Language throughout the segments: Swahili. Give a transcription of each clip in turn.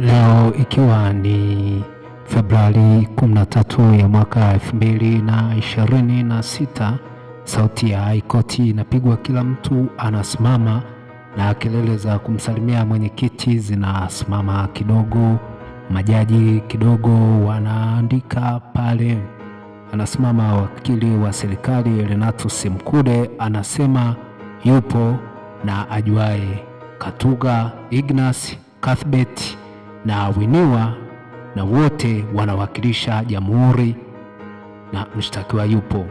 Leo ikiwa ni Februari 13 ya mwaka 2026, sauti ya haikoti inapigwa, kila mtu anasimama na kelele za kumsalimia mwenyekiti zinasimama kidogo, majaji kidogo wanaandika pale. Anasimama wakili wa serikali renato simkude anasema yupo na ajuae Katuga Ignas kathbet na winiwa na wote wanawakilisha jamhuri na mshtakiwa yupo.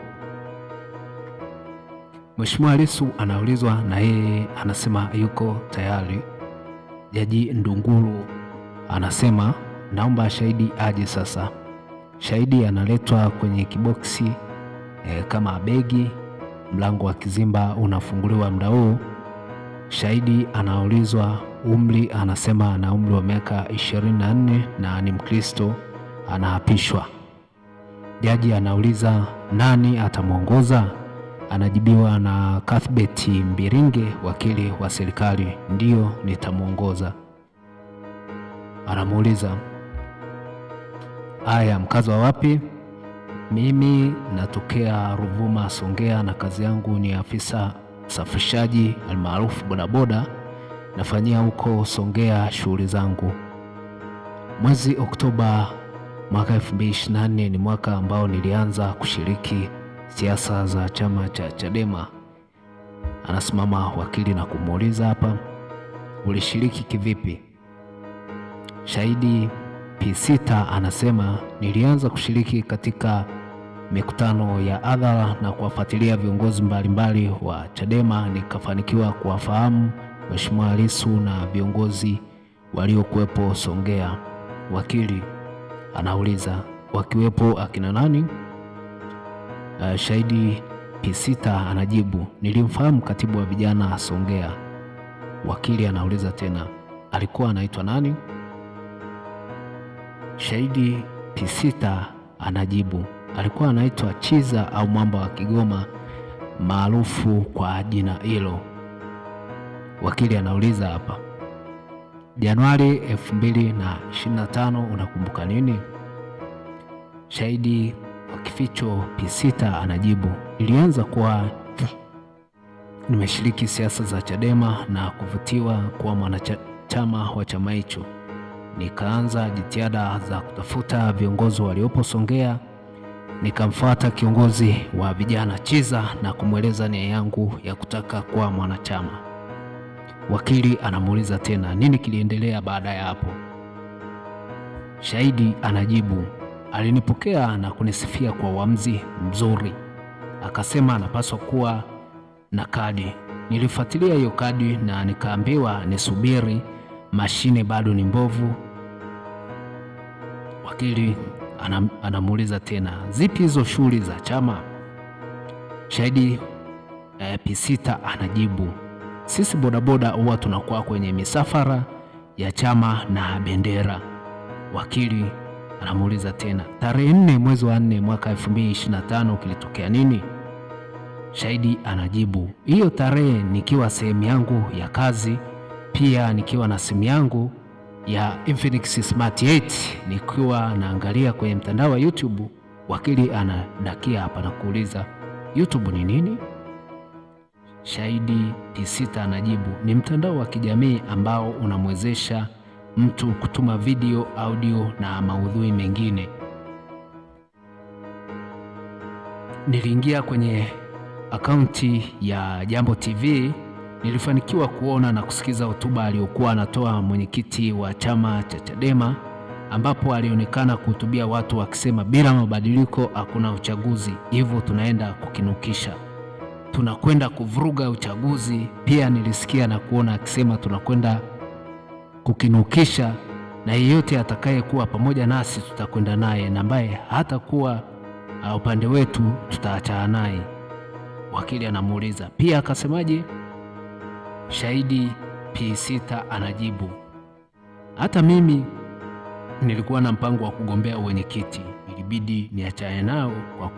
Mheshimiwa Lissu anaulizwa na yeye anasema yuko tayari. Jaji Ndunguru anasema naomba shahidi aje sasa. Shahidi analetwa kwenye kiboksi e, kama begi. Mlango wa kizimba unafunguliwa muda huu. Shahidi anaulizwa umri, anasema ana umri wa miaka 24 na ni Mkristo, anaapishwa. Jaji anauliza nani atamwongoza, anajibiwa na Cuthbert Mbiringe, wakili wa serikali, ndiyo nitamwongoza. Anamuuliza, aya, mkazi wa wapi? Mimi natokea Ruvuma, Songea, na kazi yangu ni afisa safishaji almaarufu bodaboda nafanyia huko Songea shughuli zangu. Mwezi Oktoba mwaka 2024 ni mwaka ambao nilianza kushiriki siasa za chama cha Chadema. Anasimama wakili na kumuuliza hapa, ulishiriki kivipi? Shahidi Pisita anasema nilianza kushiriki katika mikutano ya hadhara na kuwafuatilia viongozi mbalimbali wa Chadema, nikafanikiwa kuwafahamu Mheshimiwa Lissu na viongozi waliokuwepo Songea. Wakili anauliza wakiwepo akina nani? Uh, shahidi Pisita anajibu nilimfahamu katibu wa vijana Songea. Wakili anauliza tena alikuwa anaitwa nani? Shahidi Pisita anajibu alikuwa anaitwa Chiza au Mwamba wa Kigoma maarufu kwa jina hilo wakili anauliza hapa, Januari 2025 unakumbuka nini? Shahidi wa kificho P6 anajibu, ilianza kuwa nimeshiriki siasa za Chadema na kuvutiwa kuwa mwanachama wa chama hicho. Nikaanza jitihada za kutafuta viongozi waliopo Songea. Nikamfuata kiongozi wa vijana Chiza na kumweleza nia yangu ya kutaka kuwa mwanachama. Wakili anamuuliza tena nini kiliendelea baada ya hapo. Shahidi anajibu, alinipokea na kunisifia kwa uamuzi mzuri, akasema anapaswa kuwa na kadi. Nilifuatilia hiyo kadi na nikaambiwa nisubiri, mashine bado ni mbovu. Wakili anamuuliza tena, zipi hizo shughuli za chama? Shahidi eh, Pisita anajibu sisi bodaboda huwa tunakuwa kwenye misafara ya chama na bendera. Wakili anamuuliza tena, tarehe nne mwezi wa nne mwaka 2025 kilitokea nini? Shahidi anajibu, hiyo tarehe nikiwa sehemu yangu ya kazi, pia nikiwa na simu yangu ya Infinix Smart 8 nikiwa naangalia kwenye mtandao wa YouTube. Wakili anadakia hapa na kuuliza YouTube ni nini? Shahidi Tisita anajibu ni mtandao wa kijamii ambao unamwezesha mtu kutuma video, audio na maudhui mengine. Niliingia kwenye akaunti ya Jambo TV, nilifanikiwa kuona na kusikiza hotuba aliyokuwa anatoa mwenyekiti wa chama cha Chadema, ambapo alionekana kuhutubia watu akisema bila mabadiliko hakuna uchaguzi, hivyo tunaenda kukinukisha tunakwenda kuvuruga uchaguzi. Pia nilisikia na kuona akisema tunakwenda kukinukisha, na yeyote atakayekuwa pamoja nasi tutakwenda naye, na ambaye hatakuwa ah, upande wetu tutaachana naye. Wakili anamuuliza pia akasemaje? Shahidi P6 anajibu, hata mimi nilikuwa na mpango wa kugombea uwenyekiti, ilibidi niachane nao kwa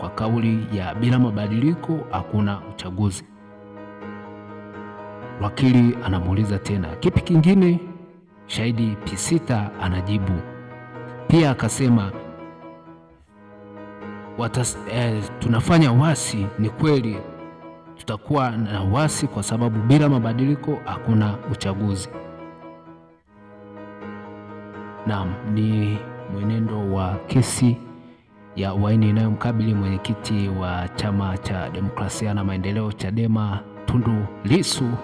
kwa kauli ya bila mabadiliko hakuna uchaguzi. Wakili anamuuliza tena, kipi kingine? Shahidi Pisita anajibu pia akasema watas, eh, tunafanya wasi. Ni kweli tutakuwa na wasi kwa sababu bila mabadiliko hakuna uchaguzi. Naam, ni mwenendo wa kesi ya uhaini inayomkabili mwenyekiti wa Chama cha Demokrasia na Maendeleo, Chadema, Tundu Lissu.